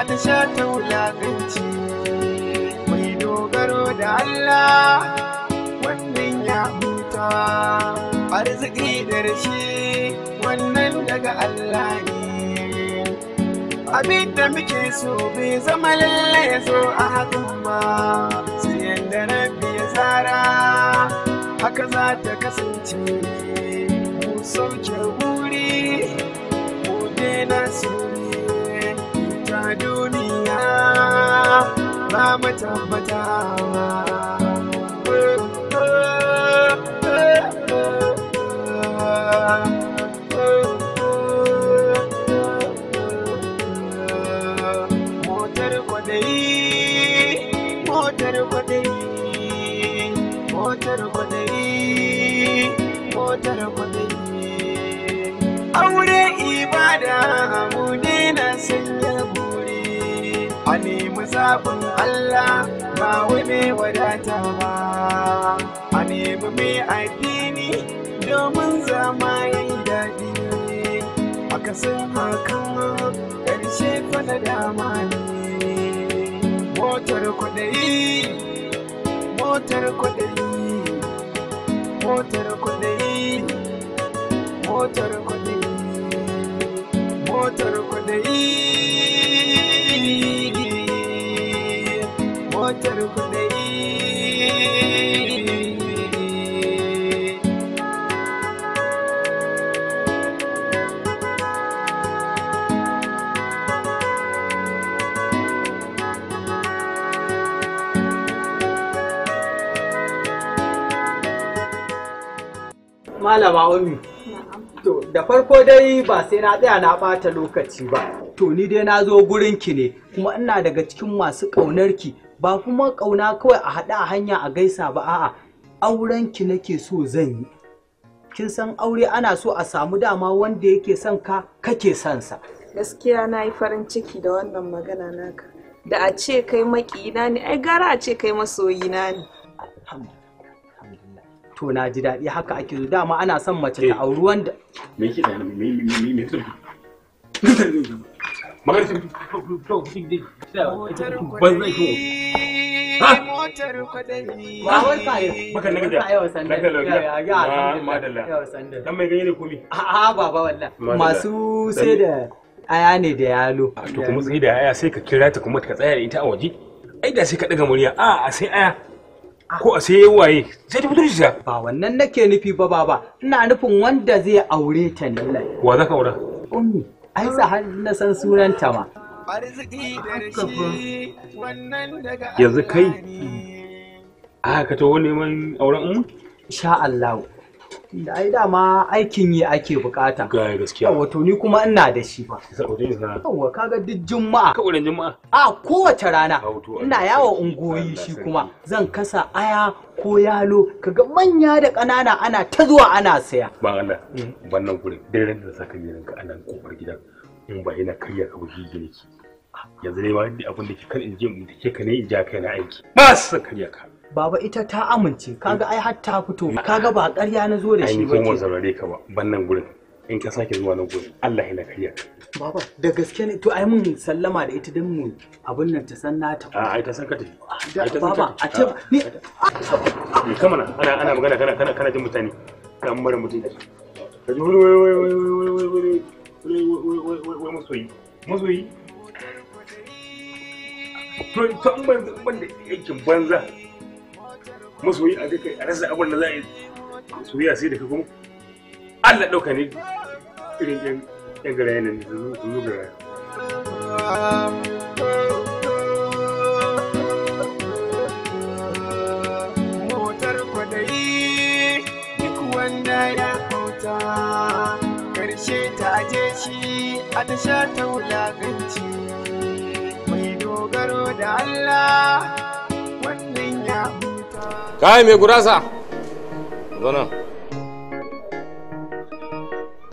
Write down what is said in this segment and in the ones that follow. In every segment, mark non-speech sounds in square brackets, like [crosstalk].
an sha ta mai dogaro da Allah wannan ya huta arziki da rashi wannan daga Allah ne abin da muke so bai zama lalle ya zo a hakan ba sai yadda rabbi ya tsara haka za ta kasance mu sauke guri mu na suna duniya ba mu tabbata Allah ba wai mai wadata ba a nemi mai addini domin zama yayi daɗi akasin hakan ƙarshe kwana dama ne motar kwaɗayi motar kwaɗayi motar kwaɗayi motar kwaɗayi motar kwaɗayi motar Malama To, da farko dai ba sai na tsaya na bata lokaci ba. To, ni dai na zo gurinki ne, kuma ina daga cikin masu ƙaunarki ba kuma ƙauna kawai a haɗa a hanya a gaisa ba a'a auren ki nake so zan yi kin san aure ana so a samu dama wanda yake son ka kake son sa gaskiya na yi farin ciki da wannan magana naka da a ce kai makiyina ne ai gara a ce kai masoyina ne to na ji daɗi haka ake zo, dama ana son mace ta auri wanda me me me me magana ki to to a a baba wallahi masu sai da aya ne da yalo to kuma sai da aya sai ka kira ta kuma ka tsaya da ita a waje ai da sai ka daga murya a a sai aya ko a sai waye sai ta ba wannan nake nufi ba ina nufin wanda zai aure ta ne wa zaka aura ummi ai sa na san sunanta ma yanzu kai a ka wani neman auren mu. sha Allah da ai dama aikin yi ake bukata ga gaskiya wato ni kuma ina da shi ba yawa kaga duk juma'a ka wurin juma'a a kowace rana ina yawo ungoyi shi kuma zan kasa aya ko yalo kaga manya da ƙanana ana ta zuwa ana saya ba ana wannan gurin daren da saka gidan ka anan kofar gidan in ba ina karya ka buji gine ki yanzu dai ba da abin da ke kan in je mu take ka ne in ja kai na aiki ba su karya ka Baba ita ta amince kaga ai har ta fito kaga ba ƙarya na zo da shi ba. Ai ka ba wannan gurin in ka sake zuwa nan gurin Allah ya karya baba da gaske ne to ai mun sallama da ita dan mu abun nan ta san na ta a ai ta san ka ta baba a ce ni kama na ana ana magana kana kana kana jin mutane kan mara mutunci ka ji wai wai wai wai wai wai wai wai wai masoyi masoyi to to an ban ban da yakin banza masoyi a duka a rasa abin da za a yi soyayya sai da ka kuma Allah ɗauka ne irin yan yan garayen nan su wanda ya kauta karshe ta je a ta sha ta mai dogaro da Allah wannan ya huta mai gurasa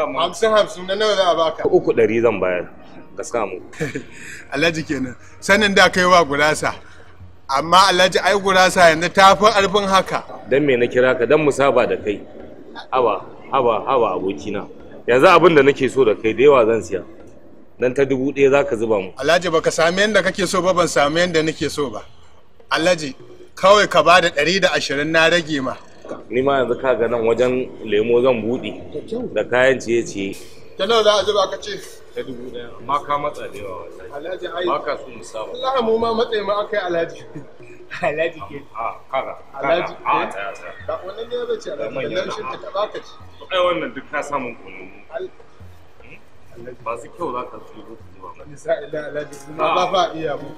hamsin hamsin na nawa za a baka uku ɗari zan bayar ka samu [laughs] alhaji kenan sanin da kai wa gurasa amma alhaji ai gurasa yanzu ta fi arfin haka dan me na kira ka dan mu saba da kai Hawa haba haba abokina yanzu abin da nake so da kai da yawa zan siya dan ta dubu ɗaya za ka zuba mu alhaji baka sami yadda kake so ba ban sami yadda nake so ba alhaji kawai ka ba da ɗari da ashirin na rage ma ni ma yanzu ka ga nan wajen lemo zan buɗe da kayan ciye-ciye ta nawa za a zuba ka ce ta dubu ɗaya amma ka matsa da yawa alhaji ai baka so mu saba Allah mu ma matsayi ma akai alhaji alhaji ke a kaga alhaji a eh? ta ta ba wannan ne zai ce alhaji dan shi ta baka ci ai wannan duk ka samu kunu hmm? ba su kyau za ka tsiro ba ni sai da alhaji kuma ba fa iya mu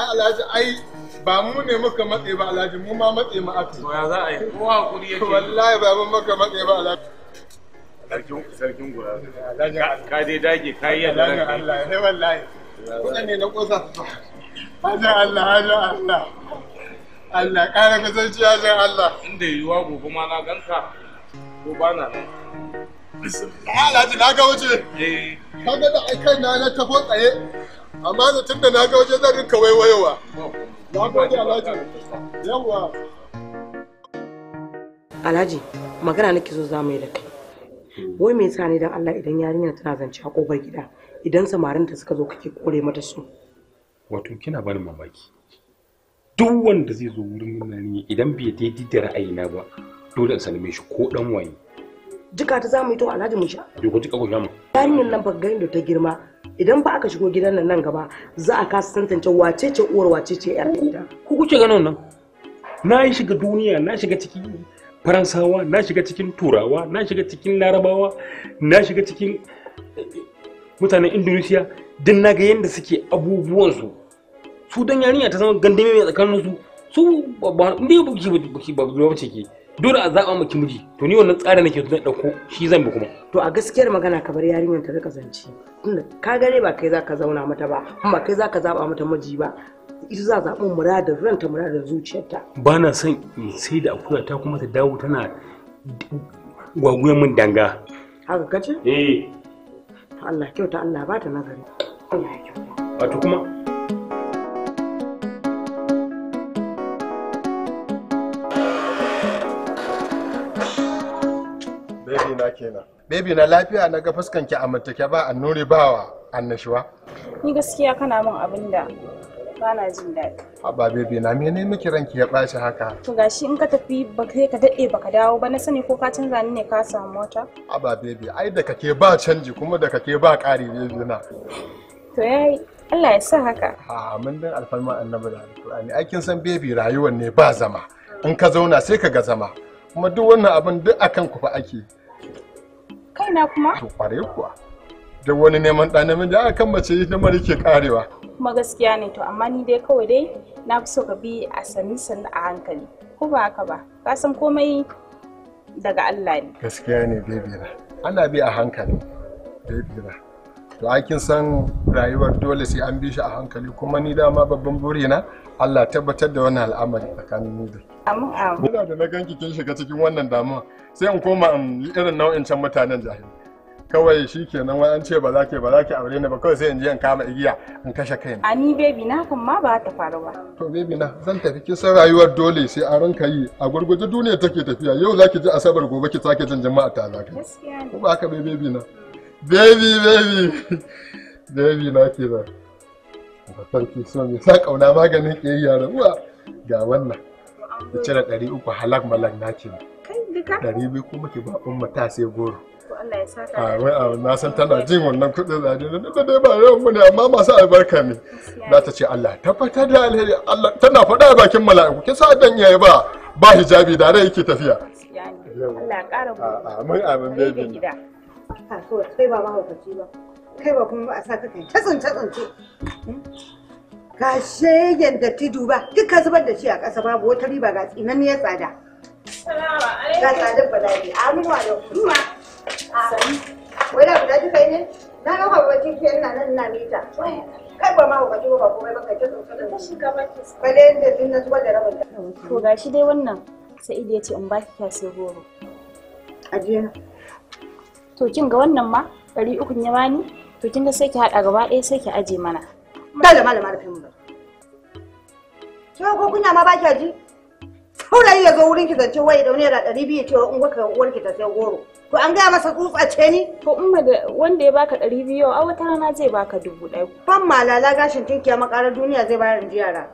ai alhaji ai ba mu ne muka matse ba alhaji mu ma matse mu aka to ya za a yi kowa hakuri yake wallahi ba mu muka matse ba alhaji sarkin sarkin gura ka dai dage ka yi yadda ranka Allah ne eh, wallahi kuɗa ne na kosa hajan Allah hajan Allah Allah ƙara kasance hajan Allah inda yiwuwa gobe ma na ganka ko ba na nan Alhaji na ga wuce, eh. ka ga da aikai na na tafo tsaye amma da tunda na ga waje zan rinka waiwayowa na gode alhaji yawwa alhaji magana nake so za mu yi da kai wai me yasa ne dan Allah idan yarinya tana zance a kofar gida idan samarin ta suka zo kake kore mata su wato kina bani mamaki duk wanda zai zo wurin nan idan bai daidai da ra'ayina ba dole in salme shi ko dan waye jika ta zamu yi to alhaji mu sha ko jika ko shamu yarinyar nan ba da ta girma idan ba aka shigo gidan nan nan gaba za a kasa tantance wace ce uwar wace ce yar gida ku kuke ganin nan na yi shiga duniya na shiga cikin faransawa na shiga cikin turawa na shiga cikin larabawa na shiga cikin eh, mutanen indonesia din na ga yadda suke abubuwan su dan yarinya ta zama gandame mai tsakaninsu su ba ba ba ba ba ba ba ba dole a zaɓa maki miji to ni wannan tsarin nake zan ɗauko shi zan bi kuma to a gaskiyar magana ka bar yarinyar ta rika zance tunda ka gare ba kai zaka zauna mata ba kuma kai zaka zaɓa mata miji ba ita za zaɓa muradin ranta muradin zuciyarta ba na son sai da akuya ta kuma ta dawo tana gwagwuyan min danga haka kace eh Allah kyauta Allah ba ta nazari Allah ya kyauta wato kuma kenan baby na lafiya na ga fuskanki a mantake ba annuri bawa annashuwa ni gaskiya kana min abin da bana jin daɗi haba baby na me ne miki ranki ya bashi haka to gashi in ka tafi ba kai ka daɗe ka dawo ba na sani ko ka canza ni ne ka samu mota haba baby ai da kake ba canji kuma da kake ba ƙari ne na to yayi Allah ya sa haka a mun din alfarma annabi da alƙur'ani ai kin san baby rayuwar ne ba zama in ka zauna sai ka ga zama kuma duk wannan abin duk akan ku fa ake Kaina kuma? To kware kuwa. Da wani neman ɗa da aka kan mace na yake ke karewa. Kuma gaskiya ne to amma ni dai kawai dai na fi so ka bi a sami sannu a hankali. Ko ba haka ba? Ka san komai daga Allah ne. Gaskiya ne bebira. Ana bi a hankali. Bebira. To a kin san rayuwar dole sai an bi shi a hankali kuma ni dama babban burina. na Allah tabbatar da wannan al'amari tsakanin mu da amin amin ina da na ganki kin shiga cikin wannan damuwa sai in koma in yi irin nau'in can mutanen jahili. kawai shi kenan wai an ce ba za ke ba za ke aure ni ba kawai sai in je in kama igiya in kashe kaina a ni bebi na kun ma ba ta faru ba to bebi na zan tafi kin san rayuwar dole sai a ranka yi a gurguje duniya take tafiya yau za ki ji asabar gobe ki sake jin jama'a ta ka. gaskiya ne ko ba haka bebi na baby baby [laughs] baby na kenan ga farki so mai sa kauna maganin k'e yi yara rabuwa ga wannan da cire ɗari uku halak malak na ce ɗari biyu kuma ki ba umma ta sai goro a na san tana jin wannan kuɗin zaje da dai ba yau mu ne amma masu albarka ne za ta ce Allah tabbatar da alheri Allah tana faɗa a bakin mala'iku kin sa dan yayi ba ba hijabi da rai yake tafiya Allah ya ƙara mu amin amin baby sai ba mahaukaci ba kaiwa kuma ba a sa ka kai ta tsince tsince ga shegen da ti duba duk ka zubar da shi a ƙasa babu wata riba ga ya tsada ga tsadar bala'i amuwa da kuma wai da guda duka ne na ga babbaci ke ina nan na mita kai ba ma babbaci ba komai ba kai ta tsince tsince ba da yadda din na zubar da rabin to gashi dai wannan sa'idu ya ce in baki kyasai goro ajiya to kin ga wannan ma ɗari ukun ya bani to kin da sai ki haɗa gaba ɗaya sai ki aje mana da malama rufe mu ke ko kunya ma ba ki ji saurayi ya zo wurin ki zance wai da naira ɗari biyu cewa in kuka ki ta sai goro to an gaya masa tsutsa ce ni to umma da wanda ya baka ɗari biyu a wata rana zai baka dubu ɗaya fan malala gashin tinkiya makarar duniya zai bayar da yara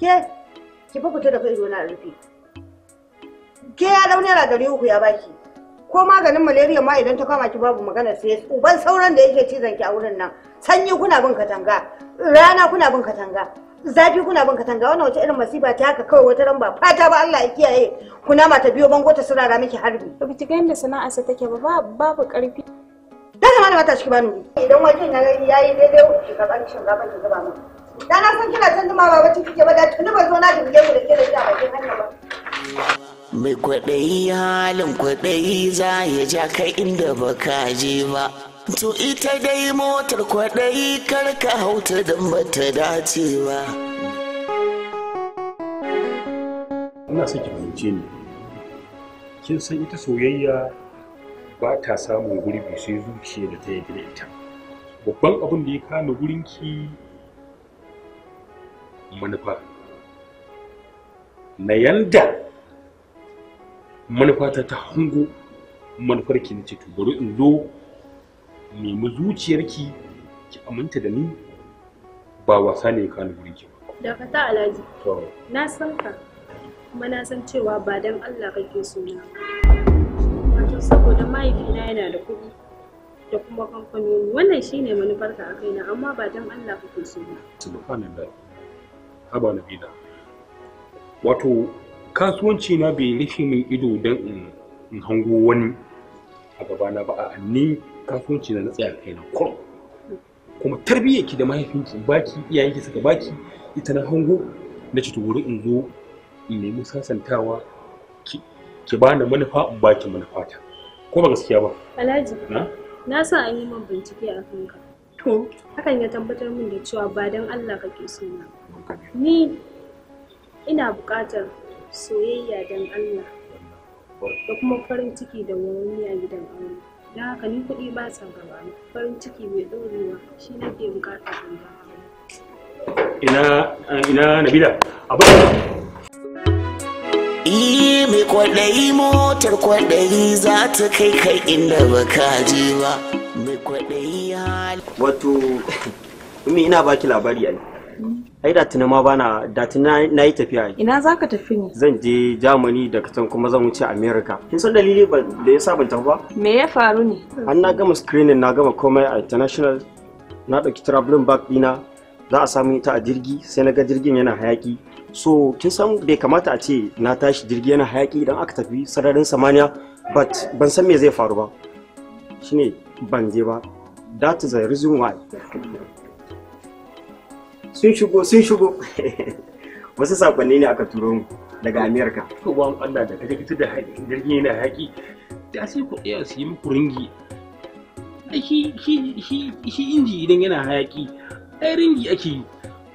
ke ki fa fita da kai na rufe ke ya dau naira ɗari uku ya baki ko maganin malaria ma idan ta kama ki babu magana sai uban sauran da yake cizon ki a wurin nan sanyi kuna bin katanga rana kuna bin katanga zafi kuna bin katanga wannan wata irin masifa ta haka kawai wata ran ba fata ba Allah ya kiyaye kuna mata biyo bango ta surara miki harbi ba ki da sana'a sana'arsa take ba babu karfi da zama da mata shi bani idan wajen na yayi daidai ki karban shinkafa ki zuba min da na san kina tantuma ba wacce kike ba da tuni zo na dinge ku da ke da shi a bakin hanya ba mai kwaɗayi halin kwaɗayi za ya ja kai inda ba ka je ba to ita dai motar kwaɗayi kar ka hauta don bata dace ba ina saki fahimce ni kin san ita soyayya ba ta samun gurbi sai zuciya da ta yi da ita babban abin da ya kama gurinki manufa na yanda manufata ta hango manufarki na ce to bari in zo nemi zuciyarki ki aminta da ni ba wasa ne ka nufi ki da fata alhaji na san ka kuma na san cewa ba dan Allah kake so na wato saboda mahaifina yana da kuɗi da kuma kamfanoni wannan shine manufarka a kaina amma ba dan Allah kake so na subhanallah haba nabila wato kasuwanci na bai rufe min ido don in hango wani a gabana ba a ni kasuwanci na tsaya kai na kurum kuma tarbiyyar ki da mahaifinki baki ki suka baki ita na hango na ci wuri in zo in nemi sasantawa ki bani manufa in baki manufa ta ko ba gaskiya ba alhaji na san an yi min bincike a kanka to hakan ya tabbatar min da cewa ba dan Allah kake so na ni ina buƙatar soyayya don Allah da kuma farin ciki da wani a gidan aure don haka ni kuɗi ba sa gaba farin ciki mai ɗorewa shi ne ke bukata ina ina nabila abu Iyi mai kwaɗayi motar kwaɗayi za ta kai kai inda ba ka je ba mai kwaɗayi hali. Wato, [laughs] ina baki labari a ai da tuni ma bana da na yi tafiya ina za ka tafi ne zan je germany da katon kuma zan wuce america kin san dalili da ya sa tafi ba me ya faru ne an na gama screening na gama komai a international na ɗauki traveling bag ɗina za a samu ita a jirgi sai na ga jirgin yana hayaki so kin san bai kamata a ce na tashi jirgi yana hayaki idan aka tafi sararin samaniya but ban san me zai faru ba shine ban je ba that is the reason why sun shigo sun shigo [laughs] wasu sakonni ne aka turo daga amerika to ban allah da kaje fitar da jirgin yana haƙi da sai ku iya su yi muku ringi shi inji idan yana haƙi, ai ringi ake yi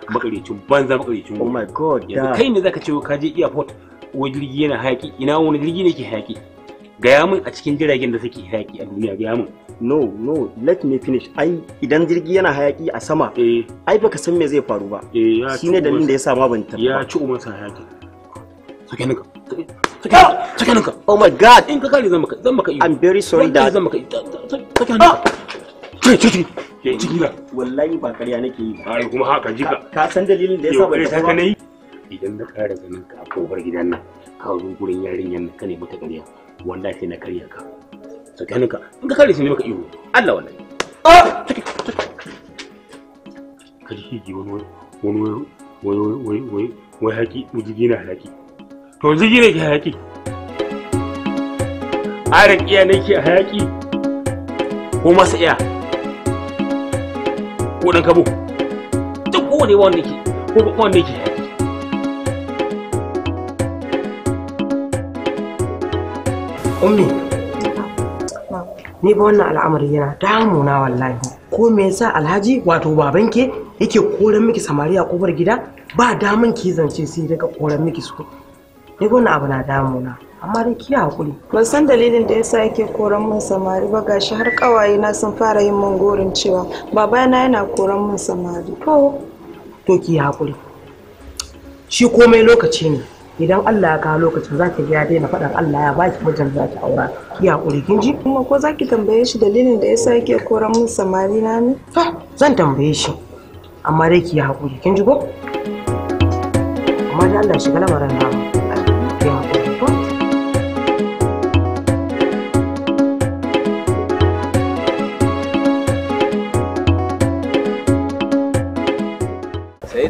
makarecin banza makarecin oh my god yanzu kai ne zaka ce ka je airport wani jirgi yana haƙi. ina wani jirgi ne ke hayaƙi gaya min a cikin jiragen da suke hayaki a duniya gaya min no no let me finish ai idan jirgi yana hayaki a sama eh. ai baka san me zai faru ba eh, shi ne dalilin da yasa ma ban tafi ya ci umar sa hayaki sake ah! ninka sake ninka oh my god in ka kare zan maka zan maka i'm very sorry that zan maka sake ninka ce ce ce jigila wallahi ba ƙarya nake yi ai kuma haka jika ka san dalilin da yasa ban tafi idan na ƙara ganin ka a kofar gidan nan ka zo gurin yarinyar nan ka nemi ta ƙarya wallahi sai na karya ka saki hannunka in ka kare shi ne maka ihu Allah wallahi ah ka ji ji wani wani wani wani wani wani wai haki mujigi gina haki to jigi ne ke haki ne ki haki ko masa iya ko dan kabo duk wani wanda ki ko wani wanda ke ummi ni ba wannan al'amari yana damuna wallahi ko me yasa alhaji wato baban ke yake koran miki samariya kofar gida ba damun ki zance sai daga koran miki su ni ba wannan abu na damuna amma dai ki hakuri ban san dalilin da yasa yake koran min samari ba gashi har kawaye na sun fara yin mun gorin cewa babana yana koran min samari to to ki hakuri shi komai lokaci ne idan Allah ya kawo lokacin za ki biya daina faɗan Allah ya baki mijin za ki aura ki hakuri kin ji kuma ko za ki tambaye shi dalilin da yasa yake koran mun samari na ne ha zan tambaye shi amma dai ki haƙuri, kin ji ko amma dai Allah shiga lamarin namu ki kin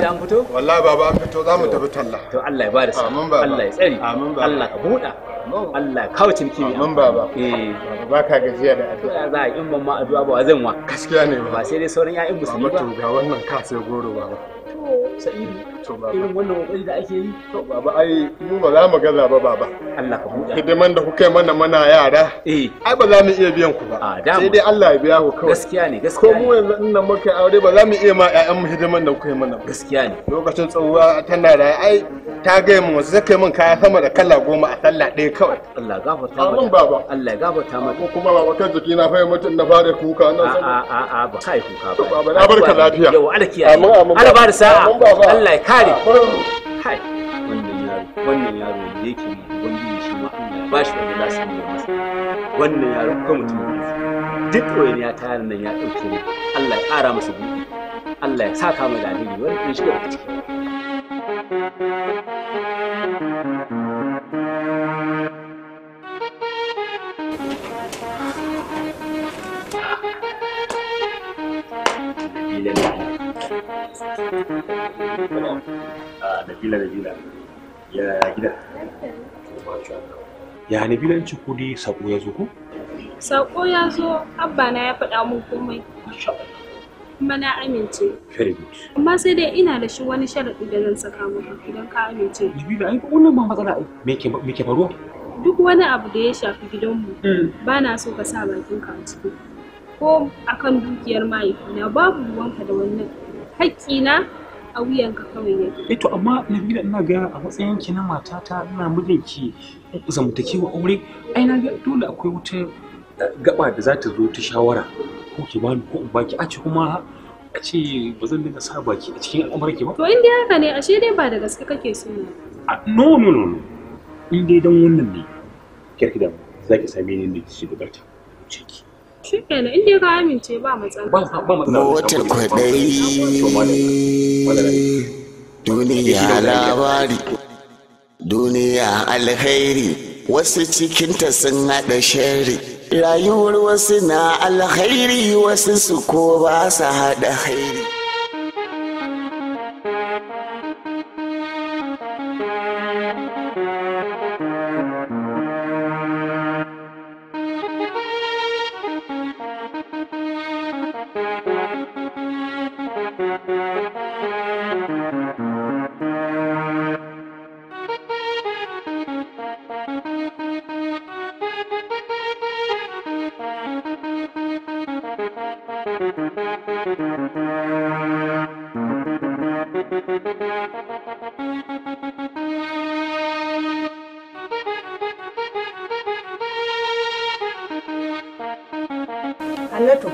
an fito wallahi baba an fito za mu tafi talla to Allah ya bada Allah ya tsari Allah ka buɗa Allah ya kawo amin baba eh ba ka gajiya da addu'a za a in ban ma addu'a ba zan wa gaskiya ne ba sai dai sauran yayan musulmi ba to ga wannan ka sai goro baba to sa'idu irin wannan kokari da ake yi to baba ai mu ba za mu gaza ba baba Allah ka buɗe hidiman da kuka yi mana mana yara eh ai ba za mu iya biyan ku ba sai dai Allah ya biya ku kawai gaskiya ne gaskiya ko mu yanzu in nan muka aure ba za mu iya ma ƴaƴan mu hidiman da kuka yi mana gaskiya ne lokacin tsawuwa tana da ai ta gaya mu wasu zaka min kaya sama da kala goma a sallah ɗaya kawai Allah gafarta mata amin baba Allah gafarta mata ko kuma baba kan jiki na fahimta mutum na fara kuka nan a a a ba kai kuka ba baba na barka lafiya yau alkiya amin amin ba da sa'a Allah ya yare wannan yaro wannan yaro da yake mu ubangiji shi ma Allah ba shi wani yaro ko mutum ne duk wani ya tayar nan ya dauke ni Allah ya kara masa buɗi Allah ya saka mai da alheri wani in shiga ciki Thank Yani Nabila. Nabila Nabila. Ya gida. Ya Nabila ci kudi sako ya zo ko? Sako ya zo, abba na ya faɗa mun komai. Kuma na amince. Very good. Amma sai dai ina da shi wani sharaɗi da zan saka maka idan ka amince. Nabila ai wannan ba matsala ai. Me ke me ke faruwa? Duk wani abu da ya shafi gidanmu, hmm. ba na so ka sa bakinka a ciki. ko akan dukiyar mahaifina babu ruwanka da wannan haƙƙina a wuyanka kawai yake. Eh to amma na Nabila ina ga a matsayin ki na matata ina mijinki zamantakewa aure ai na ga dole akwai wuta eh, gaba da za ta zo ta shawara ko ki bani ko in baki a ce kuma a ce ba zan dinga sa baki a cikin al'amuran ki ba. To in dai haka ne ashe dai ba da gaske kake so ne. Ah, no no no no. In dai dan wannan ne kirki da za ki same ni da ki bukata. Ce ki. shikenan in dai ka amince ba matsala ba motar duniya labari duniya alkhairi wasu cikinta sun haɗa shari rayuwar wasu na alkhairi wasu su ko ba su haɗa hairi Hannatu,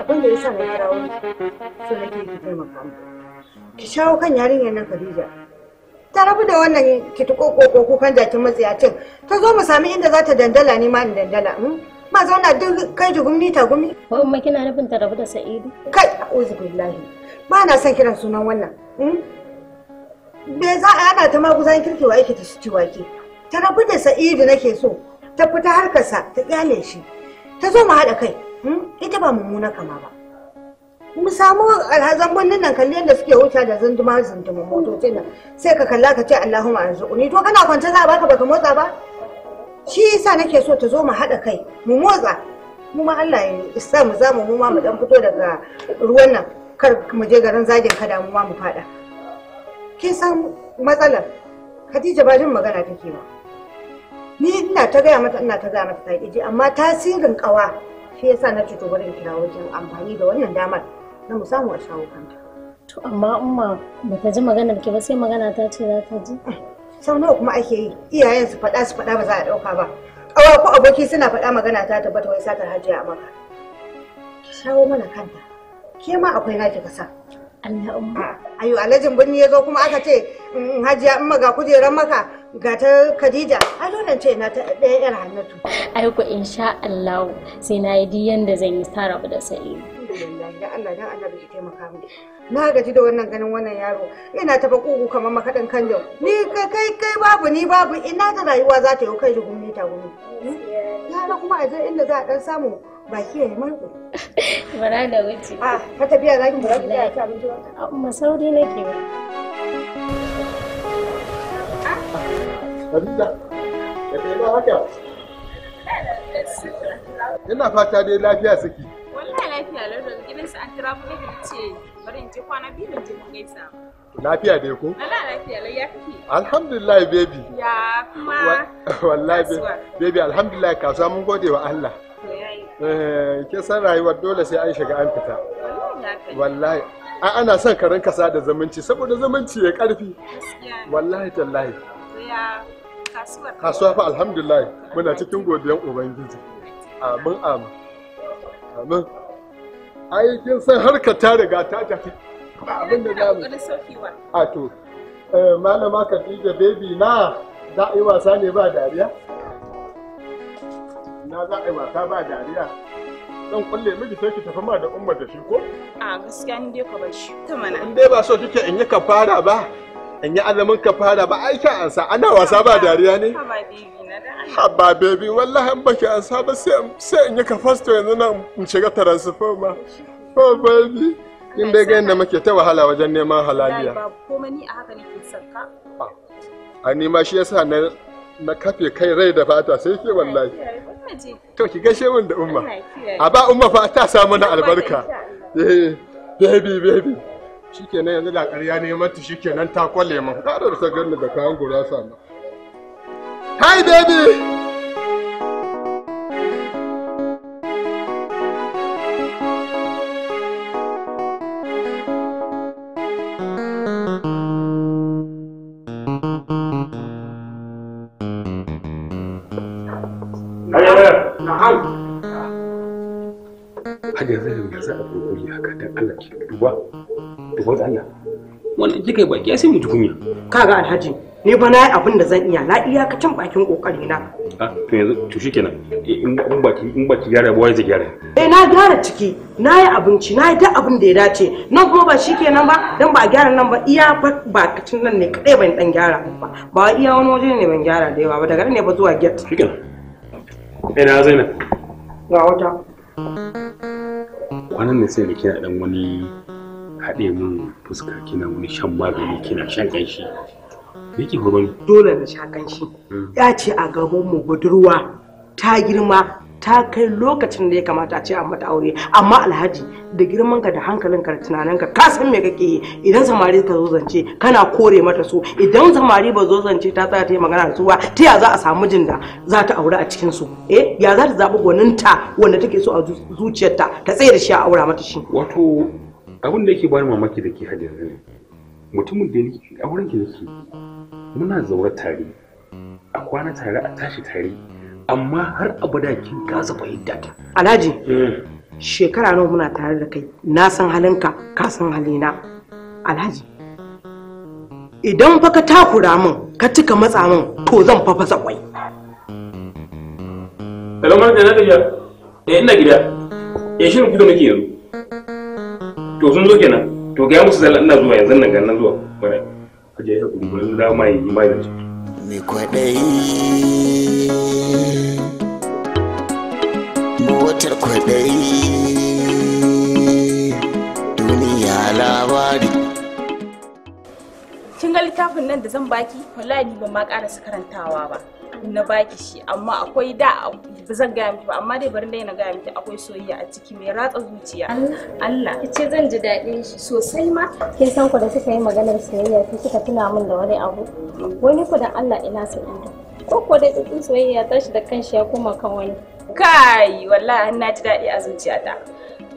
abinda ya sa na kira wani so nake ki taimaka mu. Ki shawo kan yarinyar nan Khadija. Ta rabu da wannan ki tuƙo kukan jakin matsiyacin. Ta zo mu sami inda za ta dandala ni ma in dandala. Hmm? Ma zauna duk kai ta gumni ta gumi. Wai umma kina nufin ta rabu da Sa'idu? Kai, a'udhu billahi. Ba na son kiran sunan wannan. Hmm? Me za a yana ta maguzan kirkewa yake ta su ciwaki. Ta rabu da Sa'idu nake so. Ta fita harkarsa ta kyale shi. ta zo mu haɗa kai hmm? ita ba mummuna kama ba mu samu alhazan birnin nan kalli yadda suke wuce da zunduma zunduma motocin nan sai ka kalla ka ce Allahumma arzuquni to kana kwance za baka baka motsa ba shi yasa nake so ta zo mu haɗa kai mu motsa mu ma Allah ya isa mu za mu ma mu dan fito daga ruwan nan kar mu je garin zagin kada mu ma mu fada kin san matsalar Khadija ba jin magana take ba ni ina ta gaya mata ina ta gaya mata ta ƙiji amma tasirin ƙawa shi yasa na ci gaba da kira wajen amfani da wannan damar na mu samu a shawo kanta. To amma umma ba ta ji maganar ki ba sai magana ta ce za ta ji. Eh, sau nawa kuma ake yi iyayen su faɗa su faɗa ba za a ɗauka ba. kawa ko aboki suna faɗa magana ta tabbata wai satar hajiya a maka. Ki shawo mana kanta. Ke ma akwai naki kasa. Allah umma. Ah, ayo Alhaji birni ya zo kuma aka ce mm, mm, hajiya in maga kujerar maka ga ta Khadija a lodan ce na ta ɗaya yar Hannatu ai ko insha Allah sai na yi diyan da zan yi tara da sai Allah dan Allah bai taimaka mu na gaji da wannan ganin wannan yaro ina ta kugu kamar makadan kanjo ni kai kai kai babu ni babu ina da rayuwa za ta yi kai da gumi ta gumi hmm? yara kuma a je inda za a dan samu baki ya yi marko bara da wuce a ah, ka tafiya zaki ki ba ki ta abinci ba amma nake ba Khadija, Ina fata dai lafiya suke. Wallahi lafiya gidan gidansu an kira mu ne ce bari in je kwana biyu in je mu gaisa. Lafiya dai ko? Wallahi lafiya lai ya kike. Alhamdulillah baby. Ya kuma. [laughs] Wallahi baby alhamdulillah kasuwa mun gode wa Allah. Eh Ke san rayuwar dole sai an shiga an fita. Wallahi ana son ka rinka da zumunci saboda zumunci ya karfi. Wallahi tallahi. Ya. kasuwa fa alhamdulillah muna cikin godiyan ubangiji amin amin amin ai kin san harka ta riga ta tafi ba abin da zamu a to eh, malama Khadija baby na za a yi wasa ne ba dariya na za a yi wasa ba dariya dan kulle miji sai ki tafi ma da umma da shi ko a gaskiya ni dai ka bar shi ta mana in dai ba so kike in yi kafara ba in yi azumin ka fara ba aiki an ansa ana wasa ba dariya ne haba baby wallahi in baki ansa ba sai in yi ka fasto yanzu nan in shiga transforma ko baby in dai ga yadda muke ta wahala wajen neman halaliya a nima ah, ni ma shi yasa na na kafe kai rai da fata sai ke wallahi to ki gashe min da umma a ba umma fa ta samu na albarka eh, baby baby shikenan yanzu da ƙarya ne mata shikenan ta kwale min ƙarar ta ganni da kayan gurasa na hi baby Hajjar zai yanzu a kurkuri haka don Allah ke duba. Dubo da Allah. Wannan kika yi baki sai mu ji Kaga Alhaji ni ba na yi abin da zan iya na iyakacin bakin kokari na. a ah, to yanzu to shikenan eh, in baki in baki gyara ba wai zai gyara. Eh na gyara ciki na yi abinci na yi duk abin da ya dace nan kuma ba shikenan ba dan ba gyara nan ba iya bakacin nan ne kadai ban dan gyara ba ba iya wani waje ne ban gyara da yawa ba daga ne ba zuwa get. Shikenan. Eh na Zainab. Ga wata. Kwanan ne sai da kina dan wani haɗe min fuska kina wani shan magani kina shan ƙanshi yake horon dole na sha ƙanshi hmm. ya ce a gaban mu budurwa ta girma ta kai lokacin da ya kamata a ce a mata aure amma alhaji da girmanka da ka da tunaninka ka san me kake yi idan samari ta zo zance kana kore mata su idan samari ba zo zance ta tsaya ta yi magana da su ba ta ya za a samu jin da za ta aure a cikin su eh ya za ta zaɓi ta wanda take so a zuciyarta ta tsaye da shi a aura mata shi wato abin da yake bani mamaki da ke yanzu ne mutumin da yake wurin ki yake muna zaure tare a kwana tare a tashi tare amma har abada kin kasa fahimta ta alhaji hmm. shekara nawa muna tare da kai na san halinka ka san halina alhaji idan fa ka takura min ka cika matsa min to zan fa fasa kwai Hello, Marta, na gajiya? Eh, ina gida. Eh, shirin gido nake yanzu. to sun zo kenan to ga musu zalla ina zuwa yanzu nan ga nan zuwa bare ka je ka gurin da mai yi mai da su me kwadai motar kwadai duniya labari kin ga littafin nan da zan baki wallahi ban ma karasa karantawa ba na baki shi amma akwai da zan gaya miki amma dai bari dai na gaya miki akwai soyayya a ciki mai ratsa zuciya Allah ce zan ji daɗin shi sosai ma kin san ku da kika yi maganar soyayya kika tuna min da wani abu wani ku da Allah ina ido ko ko da tsitsin soyayya tashi da kanshi ya koma kan wani kai wallahi na ji daɗi a zuciyata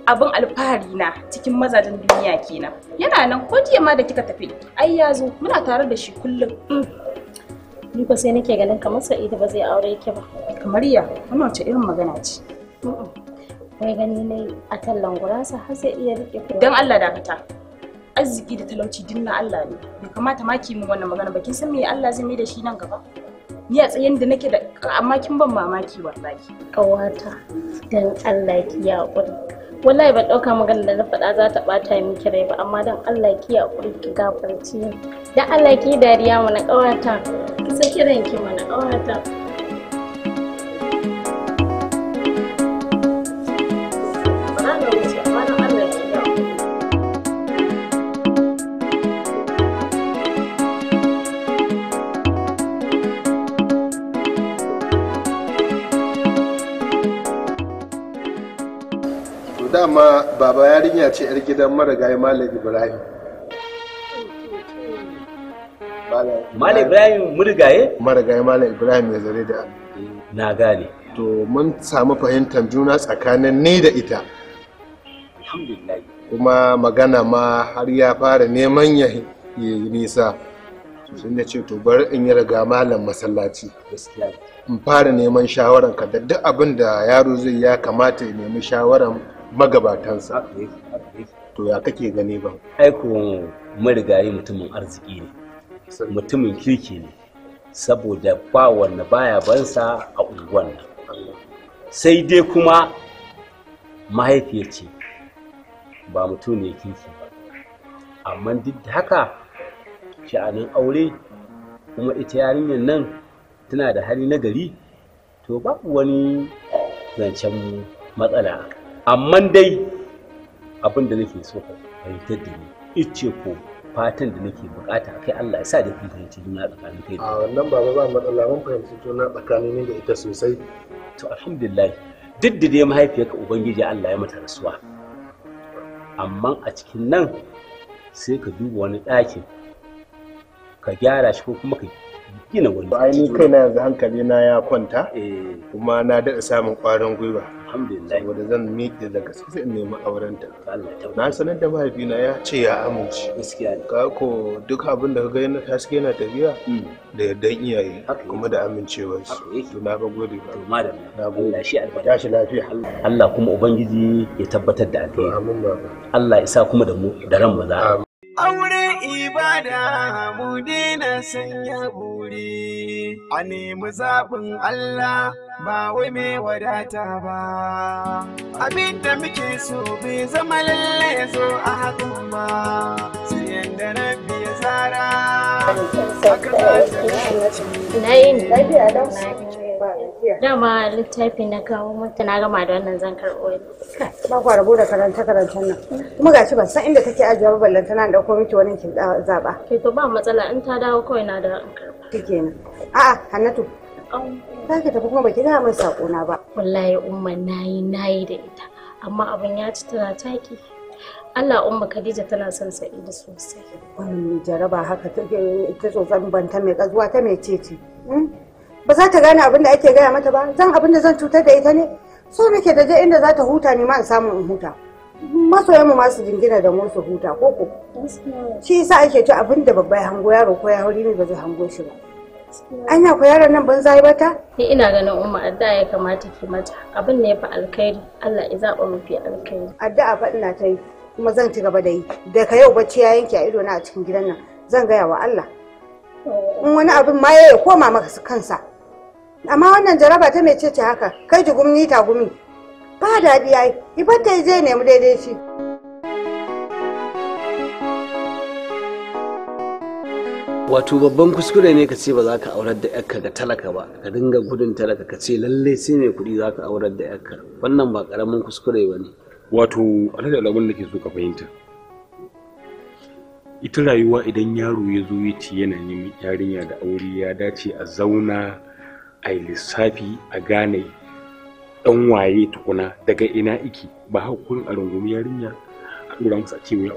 abin alfahari na cikin mazajen duniya kenan yana nan ko jiya ma da kika tafi ai yazo muna tare da shi kullum mm. Ni ko sai nake ganin kamar Sa'idu ba zai aure ki ba. Kamar ya, kuma wace irin magana ce? Kai gani ne a tallan gurasa har sai iya rike ku. Dan Allah dakata. Arziki da talauci dinna Allah ne. Bai kamata ma ki mu wannan magana ba kin san me Allah zai mai da shi nan gaba? Ni a tsayin da nake da amma kin ban mamaki wallahi. Kawata dan Allah ki ya hakuri. wallahi ban ɗauka magana da na faɗa za ta ɓata miki rai ba amma don Allah ki haƙuri ki gafarci don Allah ki dariya mana ƙawata ki kiran ki mana ƙawata kuma baba yarinya ce 'yar gidan marigayi malam ibrahim malam ibrahim murigaye marigayi malam ibrahim ya zare da na gane to mun samu fahimtar juna tsakanin ni da ita kuma magana ma har ya fara neman ya yi nisa sun da ce to bar in yi raga malam masallaci in fara neman shawaran ka da duk abin da yaro zai ya kamata ya nemi shawaran magabatansa to ya kake gani ban aiko marigayi mutumin arziki ne mutumin kirki ne saboda ba wanda baya bansa a unguwan nan sai dai kuma mahaifiyar ce ba mutum ne kirki ba amma duk da haka sha'anin aure kuma ita yarinyar nan tana da hali na gari to babu wani zancen matsala amma dai abin da nake so a fahimtar da ni ice ko fatan da nake bukata kai Allah ya sa da kun fahimci juna tsakanin kai a wannan baba ba matsala mun fahimci juna tsakanin ni da ita sosai to alhamdulillah duk da dai mahaifiyarka ubangiji Allah ya mata rasuwa amma a cikin nan sai ka duba wani ɗakin ka gyara shi ko kuma ka gina wani ainihin kaina yanzu hankali na ya kwanta eh. kuma na daɗa samun ƙwarin gwiwa saboda zan miƙe daga gaske sai nemi aurenta na sanar da mahaifina ya ce ya amince ka ko duk abin da kaga yana haske yana tafiya hmm. da yardan iyaye kuma da amincewar su to na ga gode ba na gode shi albarka lafiya Allah kuma ubangiji ya tabbatar da alheri Allah isa kuma da mu da ran maza Aure ibada mu dina sanya buri, a nemi zaɓin Allah ba wai mai wadata ba. Abin da muke so bai zama lalle zo a hakan ba, su yadda rabbi ya tsara. Na yi biya don dama littafi na kawo mata na gama da wannan zan karɓo ba ku rabo da karanta karantar nan kuma ga shi ban san inda take ajiye ba ballan tana da ko miki wani ki zaba ke to ba matsala in ta dawo kawai na da karɓa kenan a'a Hannatu ta ke tafi kuma baki gaya min saƙo na ba wallahi umma na yi da ita amma abin ya ci tana taki Allah umma Khadija tana son Sa'idu sosai. Wannan jaraba haka ta tsotsan banta mai kazuwa ta mai cece. Hmm? ba za ta gane abin da ake gaya mata ba zan abin da zan cutar da ita ne so nake da je inda za ta huta ne ma in samu in huta masoyan mu masu jingina da mu su huta ko ko shi yasa ake ci abin da babba ya hango yaro ko ya hauri ne ba zai hango shi ba anya ko yaron nan ban zai bata ni ina ganin umma addu'a ya kamata ki mata abin ne fa alkhairi Allah ya zaba mu fi alkhairi addu'a fa ina ta yi kuma zan ci gaba da yi daga yau bacci ya yanke a ido na a cikin gidan nan zan gaya wa Allah in wani abin ma ya koma maka kansa amma wannan jaraba ta mai ce haka kai ji gumni ta gumi ba daɗi ta yi zai nemi daidai shi wato babban kuskure ne ka ce ba za ka aurar da yakka ga talaka ba ka dinga gudun talaka ka ce lallai sai mai kuɗi za ka aurar da yakka wannan ba karamin kuskure ba ne wato da alamun da ke so ka fahimta ita rayuwa idan yaro ya zo ya ce yana yi yarinya da aure ya dace a zauna a yi lissafi a gane ɗan waye tukuna daga ina iki ba hakurin a rungumi yarinya a ɗora musu a ce wuya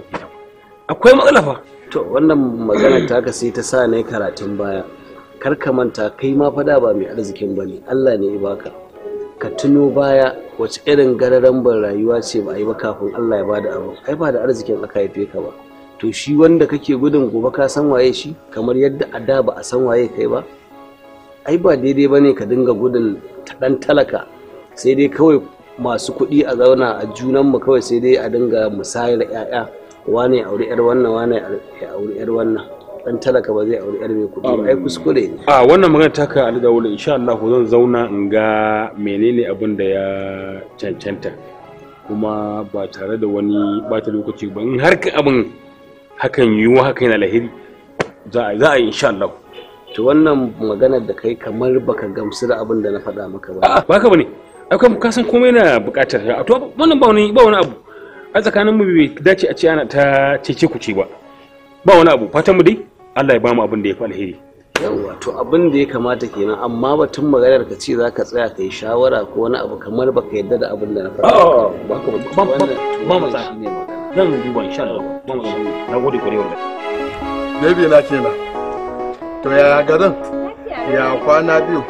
akwai matsala fa to wannan magana ta ka sai ta sa ne karatun baya kar ka manta kai ma fada ba mai arzikin ba ne Allah ne ya baka ka tuno baya wace irin gararan ban rayuwa ce ba a yi ba kafin Allah ya bada abu ai ba da arzikin aka haife ka ba to shi wanda kake gudun gobe ka san waye shi kamar yadda a da ba a san waye kai ba ai ba daidai ba ne ka dinga gudun ɗan talaka sai dai kawai masu kuɗi a zauna a junan mu kawai sai dai a dinga musayar 'ya'ya wane auri 'yar wannan wane auri 'yar wannan dan talaka ba zai auri 'yar mai kuɗi ba ai kuskure ne a wannan magana ta kai Ali Dawud insha Allah zan zauna in ga menene abin da ya cancanta kuma ba tare da wani bata lokaci ba in har abin hakan yiwu hakan yana lahiri za a yi insha Allah to wannan maganar da kai kamar baka gamsu da abin da na faɗa maka ba a'a ka bane akwai ka san komai na buƙatar a to wannan ba wani ba wani abu a tsakanin mu bai dace a ce ana ta cece ku ce ba ba wani abu fatan mu dai Allah ya ba mu abin da ya fi alheri yawa to abin da ya kamata kenan amma batun maganar ka ce za ka tsaya ka yi shawara ko wani abu kamar baka yadda da abin da na faɗa ba ka ba ba ma za zan duba insha Allah ba ma za na gode kwarewa da na kenan to ya garin ya kwana biyu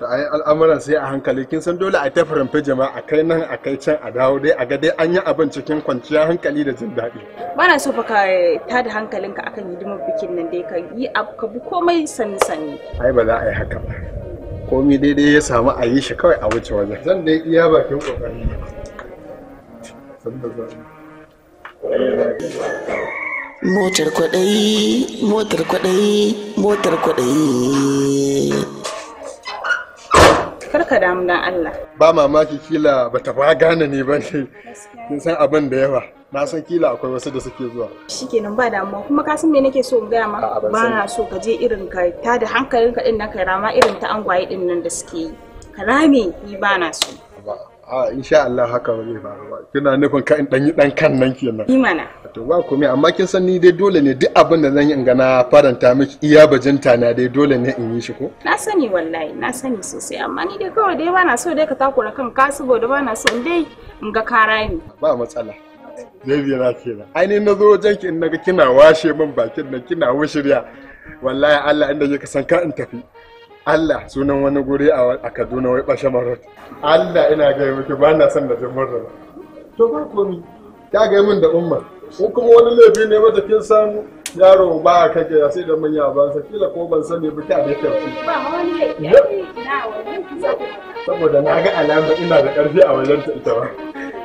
to ai al'amuran sai a hankali kin san dole a ta faramfe jama'a kai nan a kai can a dawo dai a ga dai an yi abin cikin kwanciyar hankali da jin daɗi bana so fa ka tada hankalinka akan hidimar bikin nan dai ka yi ka bi komai sani sani ai ba za a yi haka ba komai daidai ya samu a yi shi kawai a wuce wajen zan dai iya bakin kokari ne motar kwaɗayi motar kwaɗayi motar kwaɗayi karka damu dan Allah ba mamaki kila bata ba gane ne ba ne kin san abin da yawa na san kila akwai wasu da suke zuwa shikenan ba damuwa kuma ka san me nake so gaya ma ba na so ka je irin ka ta da hankalin ka din na kai rama irin ta angwaye din nan da suke yi ka rame ni ba na so a insha Allah haka ba zai faru ba kina nufin ka in dan yi dan kan nan kenan Imana. to ba komai amma kin san ni dai dole ne duk abin da zan yi in ga na faranta miki iya bajinta na dai dole ne in yi shi ko na sani wallahi na sani sosai amma ni dai kawai dai bana so dai ka takura kanka saboda bana so dai in ga kara ni ba matsala zai na kenan. Ainihin na zo wajen ki in naga kina washe min bakin nan kina wushirya. Wallahi Allah inda ka san ka in tafi. Allah sunan wani guri a Kaduna wai ɓashe marot. Allah ina gaya miki ba na son da jin murna. To ba komi, ka gaya min da umma. Ko kuma wani laifi ne wata kin san yaro ba a kake ya sai da manya ba sa kila ko ban sani ba ta da kyau. Ba wani laifi. Saboda na ga alama ina da ƙarfi a wajen ta ita ba.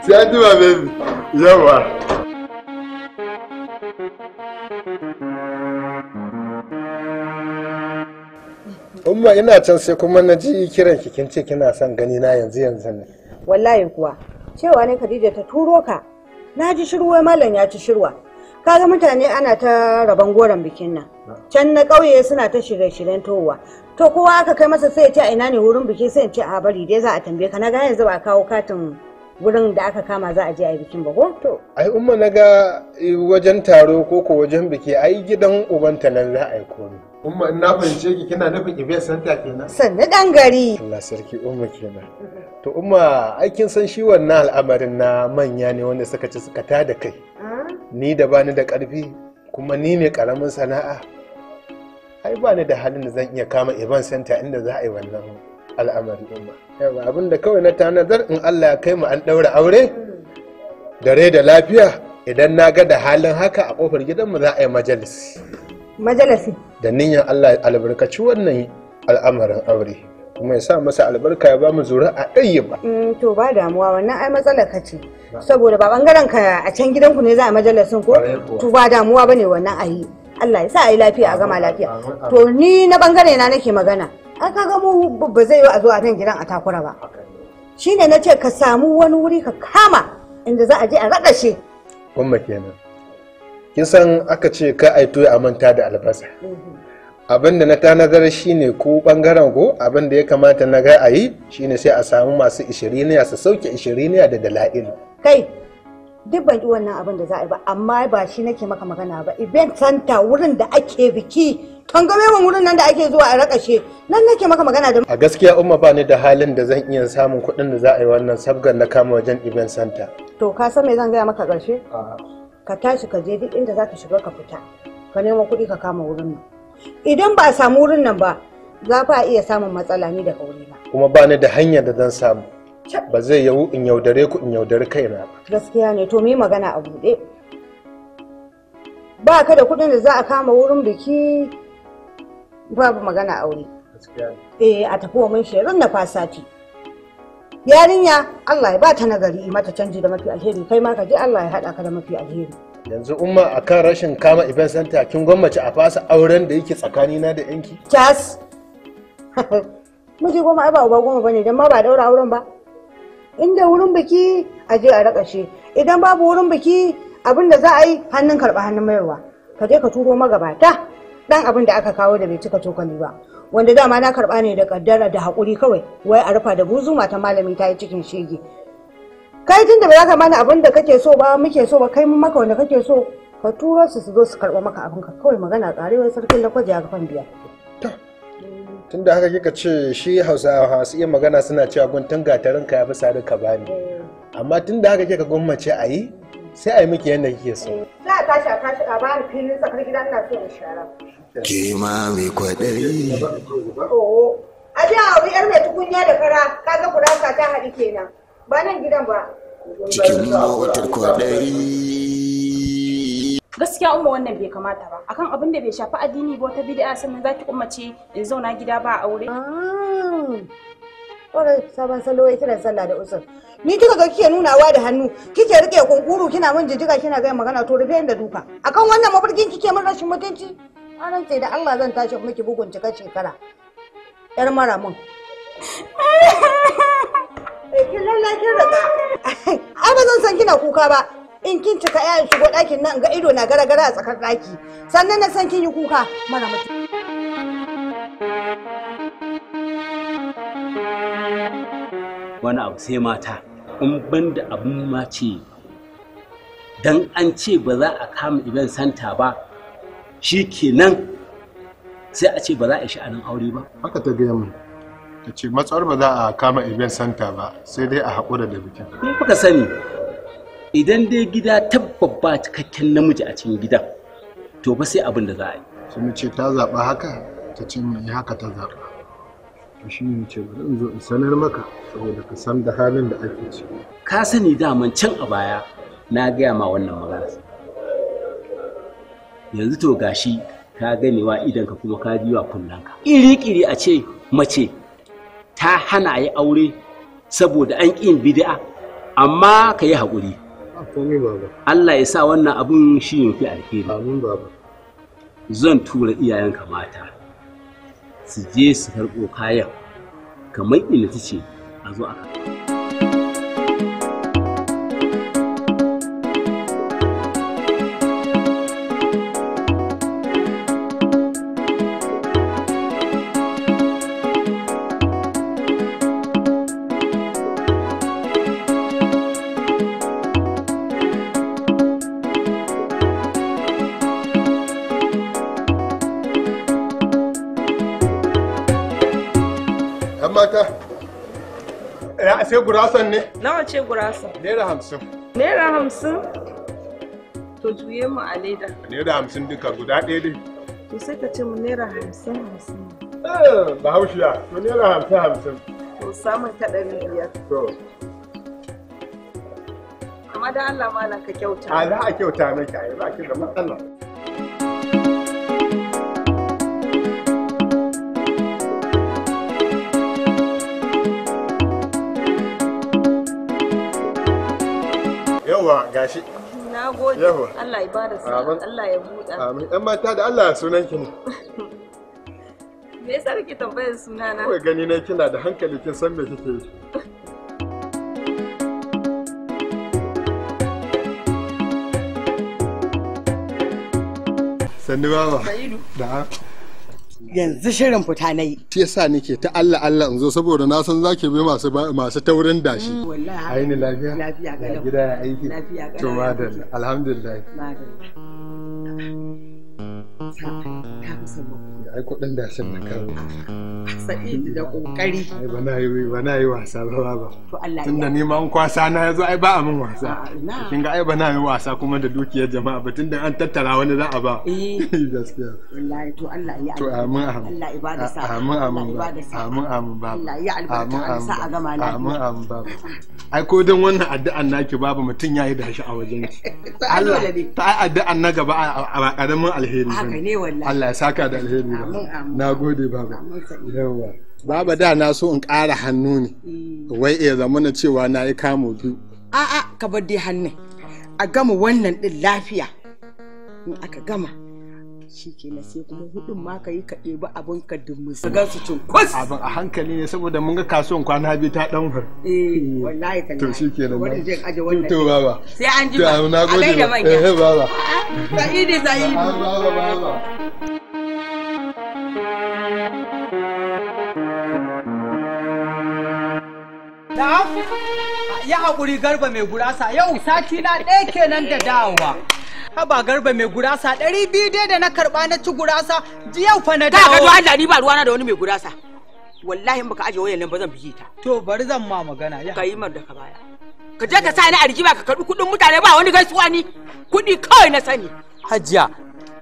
Sai an jima baby. Yawa. Thank you. umma ina can sai kuma na ji kiran ki kin ce kina son gani na yanzu yanzu ne wallahi kuwa cewa ne Khadija ta turo ka na ji shirwa malam ya ci shirwa kaga mutane ana ta raban goron bikin nan can na ƙauye suna ta shirye-shiryen towa to kowa aka kai masa sai ya ce a ina ne wurin biki sai ya ce a bari dai za a tambaye ka na ga yanzu ba kawo katin wurin da aka kama za a je a yi bikin ba ko? To, ai umma na wajen taro ko ko wajen biki ai gidan ubanta nan za a yi komai Umma in na fahimce ki kina nufin Ibiyar Santa kenan. Sannu dan gari. Allah sarki Umma kenan. To Umma aikin kin san shi wannan al'amarin na manya ne wanda suka ci suka da kai. Ah. Ni da bani da ƙarfi kuma ni ne ƙaramin sana'a. Ai bani da halin da zan iya kama Ibiyar Santa inda za a yi wannan al'amari Umma. Yawa abinda kawai na tanadar in Allah ya kai mu an ɗaure aure. Dare da lafiya idan na ga da halin haka a ƙofar gidanmu za a yi majalisi. Majalisi? da niyyar Allah ya albarkaci wannan al'amarin aure kuma ya sa masa albarka ya ba mu zura a ɗaya ba. Mm, to ba damuwa wannan ai matsalar ka ce saboda ba bangaren ka a can gidanku ne za a majalisin ko to ba damuwa bane wannan yi. Allah ya sa yi lafiya a gama lafiya to ni na bangare na nake magana an kaga mu ba zai yi a zo a nan gidan a takura ba shine na ce ka samu wani wuri ka kama inda za a je a raɗa shi. Gwamma kenan. kin aka ce ka ai a manta da albasa abin da na shi shine ko bangaren ko abin da ya kamata na ga a yi shine sai a samu masu ishiriniya su sauke ishiriniya da dala'il kai duk ban yi wannan abin da za a yi ba amma ba shi nake maka magana ba event center wurin da ake biki game mun wurin nan da ake zuwa a rakashe nan nake maka magana da a gaskiya umma ba ni da halin da zan iya samun kuɗin da za a yi wannan sabgar na kama wajen event center to ka san me zan gaya maka ƙarshe ka tashi ka je duk inda za ka shiga ka fita ka nemo kuɗi ka kama wurin nan idan ba a samu wurin nan ba za fa iya samun matsala ni daga wuri ba kuma ba ni da hanyar da zan samu ba zai yau in yaudare ku in yaudare kaina ba gaskiya ne to mu magana a buɗe ba ka da kuɗin da za a kama wurin biki babu magana aure eh a tafi wa mun shirin na fasati yarinya Allah ya bata nagari mata canji da mafi alheri kai ma ka je Allah ya hada ka da mafi alheri yanzu umma akan rashin kama event center kin gwammace a fasa auren da yake tsakanina da yanki tas miji goma ai ba uba goma bane dan ma ba daura auren ba inda wurin biki a je a raka shi idan babu wurin biki abin da za a yi hannun karba hannun mayarwa ka je ka turo magabata dan abin da aka kawo da bai cika cokali ba wanda dama na karba ne da kaddara da haƙuri kawai wai a rufa da buzu mata malami ta yi cikin shege kai tun da ba za ka mana abin da kake so ba muke so ba kai mun maka wanda kake so ka tura su su zo su karba maka abin ka kawai magana tsare wai sarkin lakwaje ya kafan biyar. tun da haka kika ce shi hausa, su iya magana suna cewa guntun gatarin ka ya fi sadu ka bani eh. amma tun da haka kika gwammace ayi. sai a yi miki yadda kike so. Za a tashi a tashi a bani filin tsakar gida ina so shara. Ke mai kwaɗayi. a ji a wuri yar mai tukunya da kara ka ga ka ta haɗi kenan ba nan gidan ba. Cikin mawatar kwaɗayi. Gaskiya umma wannan bai kamata ba akan abin da bai shafi addini ba wata bid'a sannan zaki ummace in zauna gida ba a aure. Ah. tsoron sabon salo ya kiran sallah da usur ni kika ga kike nunawa da hannu kike rike kunkuru kina min jijjiga kina ga magana to rufe da duka akan wannan mafarkin kike min rashin mutunci an rantse da Allah zan tashi miki bugun cika shekara yar mara mun [laughs] kin ai ba zan san kina kuka ba in kin cika yayin shigo ɗakin nan ga ido na gara-gara a tsakar ɗaki sannan na san kin yi kuka mara mutunci wani abu sai mata in ban da abin ma ce don an ce ba za a kama iban santa ba shi kenan sai a ce ba za a a nan aure ba haka ta gaya mu ta ce matsar ba za a kama iban santa ba sai dai a haƙura da bikin ni kuka sani idan dai gida tabbabba cikakken namiji a cikin gidan to ba sai abin da za a yi sun ce ta zaɓa haka ta ce mai haka ta zaɓa to shi ne ce bari in zo in sanar maka saboda ka san da halin da ake ciki ka sani daman can a baya na gaya ma wannan magana yanzu to gashi ka ganewa ka kuma ka biwa ka. iri-iri a ce mace ta hana yi aure saboda an ƙin bid'a amma ka yi haƙuri Allah ya sa wannan abun shi yin fi alheri zan tura iyayenka mata su je su karɓo kayan kamar ina ta ce a zo a karɓo ce gurasan ne? Nawa ce gurasan? Naira hamsin. Naira hamsin? To juye mu a leda. Naira hamsin duka guda ɗaya dai. To sai ka ce mu naira hamsin hamsin. Eh Bahaushiya, to naira hamsin hamsin. To samun ta ɗari biyar. To. Amma da Allah malam ka kyauta. A za a kyauta miki, a yi ba ki da matsala. yawa gashi na gode Allah ya bada sa Allah ya buɗa amin ɗan mata da Allah sunan ki ne [laughs] me yasa kake tambayar sunana kai gani na kina da hankali kin san me kike yi [laughs] yanzu shirin fita na yi Ta yasa nake ta Allah Allah in zo saboda na san zaki bi masu masu taurin dashi mm, wallahi aini lafiya lafiya ga gida ya aiki lafiya ga to madal alhamdulillah Madal. ta ta musamman ai kuɗin dashin na karo sa'idu da kokari ba na yi ba na yi wasa ba ba tunda ni ma kwasa na yazo ai ba a min wasa ah, kin ga ai ba na yi wasa kuma da dukiyar jama'a ba tunda an tattara wani za a ba eh. [laughs] gaskiya wallahi to Allah ya to amin amin Allah ibada sa amin amin amin amin ba Allah ya albarka sa a gama lafiya amin amin ba ai ko dan wannan addu'an naki babu mutun yayi da shi a wajen ki [laughs] Allah ta addu'an na gaba a karamin alheri haka ne wallahi Allah ya saka da alheri na gode baba yawa baba da na so in ƙara hannu ne eh. wai iya eh, zama na cewa na yi kamo biyu a'a ka bar dai hannun a gama wannan din lafiya in aka gama shi ke na sai kuma hudun ma ka yi ka ɗebi abin ka ga su cin kwas abin a hankali ne saboda mun ga kasuwan kwana biyu ta ɗan fur eh wallahi ta to shi ke na wani to baba sai an ji ba a gaida manya eh, baba sa'idi sa'idi baba baba Da ah, Ya haƙuri garba mai gurasa yau sati na ɗaya kenan da dawowa. Haba garba mai gurasa ɗari biyu dai da na karɓa na ci gurasa yau fa na dawo. gado Allah ni ba ruwana da wani mai gurasa. Wallahi in baka aje wayan nan ba zan bige ta. To bari zan ma magana ya. Ka mar da ka baya. Ka je ka sa ni a rigima ka karɓi kuɗin mutane ba wani gaisuwa ni. Kuɗi kawai na sani. Hajiya,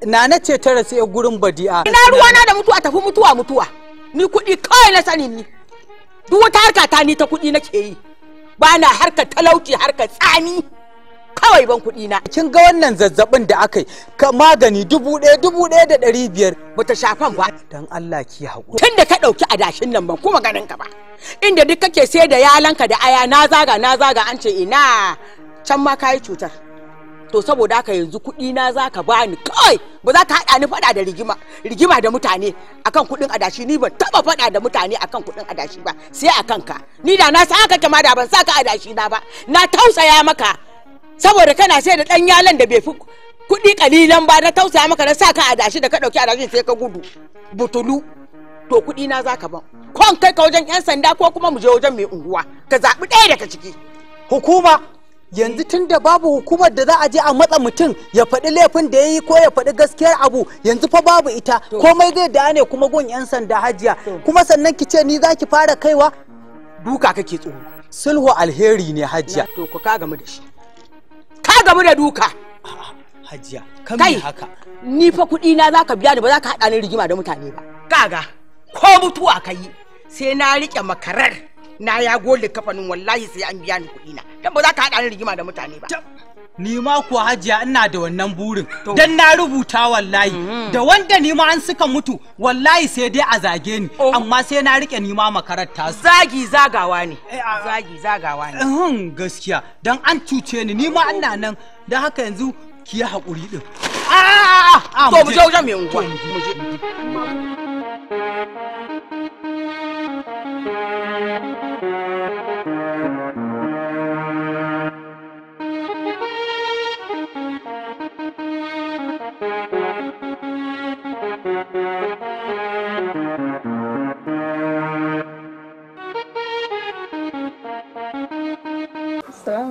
nana ce ta rasu gurin badi'a. Ina ruwana da mutuwa tafi mutuwa mutuwa. Ni kuɗi kawai na sani ni. duk wata harka ta ni ta kuɗi nake yi ba na harkar talauci harkar tsami kawai ban kuɗi na. Kin ga wannan zazzabin da aka yi ka magani dubu ɗaya dubu ɗaya da ɗari biyar bata shafan ba. Dan Allah ki haƙuri. Tun da ka ɗauki adashin nan ban kuma ganin ka ba. Inda duk kake sai da yalanka da aya na zaga na zaga an ce ina can ma kayi cutar. to saboda haka yanzu kuɗi na za ka bani kawai ba za ka haɗa ni faɗa da rigima rigima da mutane akan kuɗin adashi ni ban taɓa faɗa da mutane akan kuɗin adashi ba sai a kanka ni da na sa haka kama da ban sa ka adashi na ba na tausaya maka saboda kana sai da ɗan yalan da bai fi kuɗi kalilan ba na tausaya maka na sa ka adashi da ka ɗauki adashi sai ka gudu butulu to kuɗi na za ka ban kon kai ka wajen 'yan sanda ko kuma mu je wajen mai unguwa ka zaɓi ɗaya daga ciki hukuma yanzu tun da babu hukumar da za a je a matsa mutum ya faɗi laifin da ya yi ko ya faɗi gaskiyar abu yanzu fa babu ita komai zai da ne kuma gun 'yan sanda hajiya kuma sannan ki ce ni za ki fara kaiwa duka kake tsoro sulhu alheri ne hajiya to ku ka gamu da shi ka gamu da duka hajiya kai haka ni fa kuɗi na za ka biya ni ba za ka haɗa ni rigima da mutane ba kaga ko mutuwa ka yi sai na riƙe makarar na ya gole kafanin wallahi sai an biya ni kuɗi na dan ba za ka haɗa ni rigima da mutane ba ni ma kuwa hajiya ina da wannan burin dan na rubuta wallahi mm-hmm. da wanda ni ma an suka mutu wallahi sai dai a zage ni oh. amma sai na rike ni ma makaranta zagi zagawa ne eh, zagi zagawa ne hmm gaskiya dan an cuce ni ni ma oh. ina nan dan haka yanzu ki hakuri din a ah, a ah, a ah, to mu je wajen mai unguwa mu je Assalamu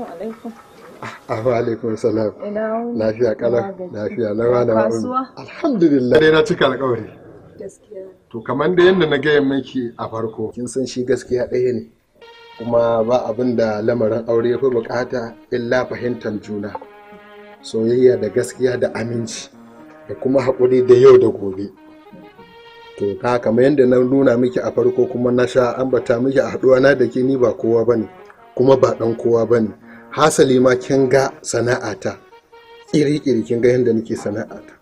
alaikum. Wa alaikum salam. Ina lafiya kalau lafiya lawa da kasuwa. Alhamdulillah. Dai na cika alƙawari. to kamar da yadda na gaya miki a farko kin san shi gaskiya ɗaya ne kuma ba abin da lamarin aure ya fi bukata illa fahimtar juna soyayya da gaskiya da aminci da kuma haƙuri da yau da gobe to ka kamar yadda na nuna miki a farko kuma na sha ambata miki a haɗuwa na da ni ba kowa ba ne kuma ba ɗan kowa ba ne hasali ma kin ga sana'ata ƙiri-ƙiri kin ga yadda nake sana'ata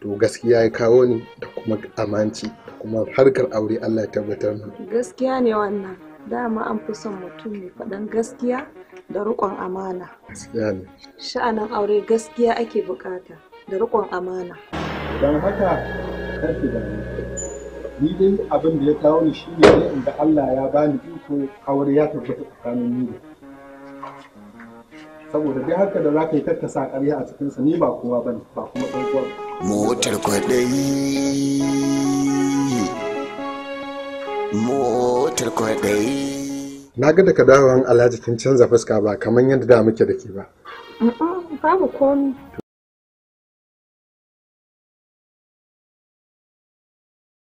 to gaskiya ya kawo ni da kuma amanci da kuma harkar aure Allah ya tabbatar mu gaskiya ne wannan dama an fi son mutum mai faɗan gaskiya da riƙon amana gaskiya sha'anin aure gaskiya ake bukata da riƙon amana don haka karfi da ni dai abin da ya kawo ni shine ne inda Allah ya bani iko aure ya tabbata tsakanin ni saboda dai haka da za ka yi tattasa ƙarya a cikinsa ni ba kowa ba ne, ba kuma ɗan uwa motar kwaɗayi motar kwaɗayi na ga daga dawon alhaji kin canza fuska ba kamar yadda da muke da ke ba babu komi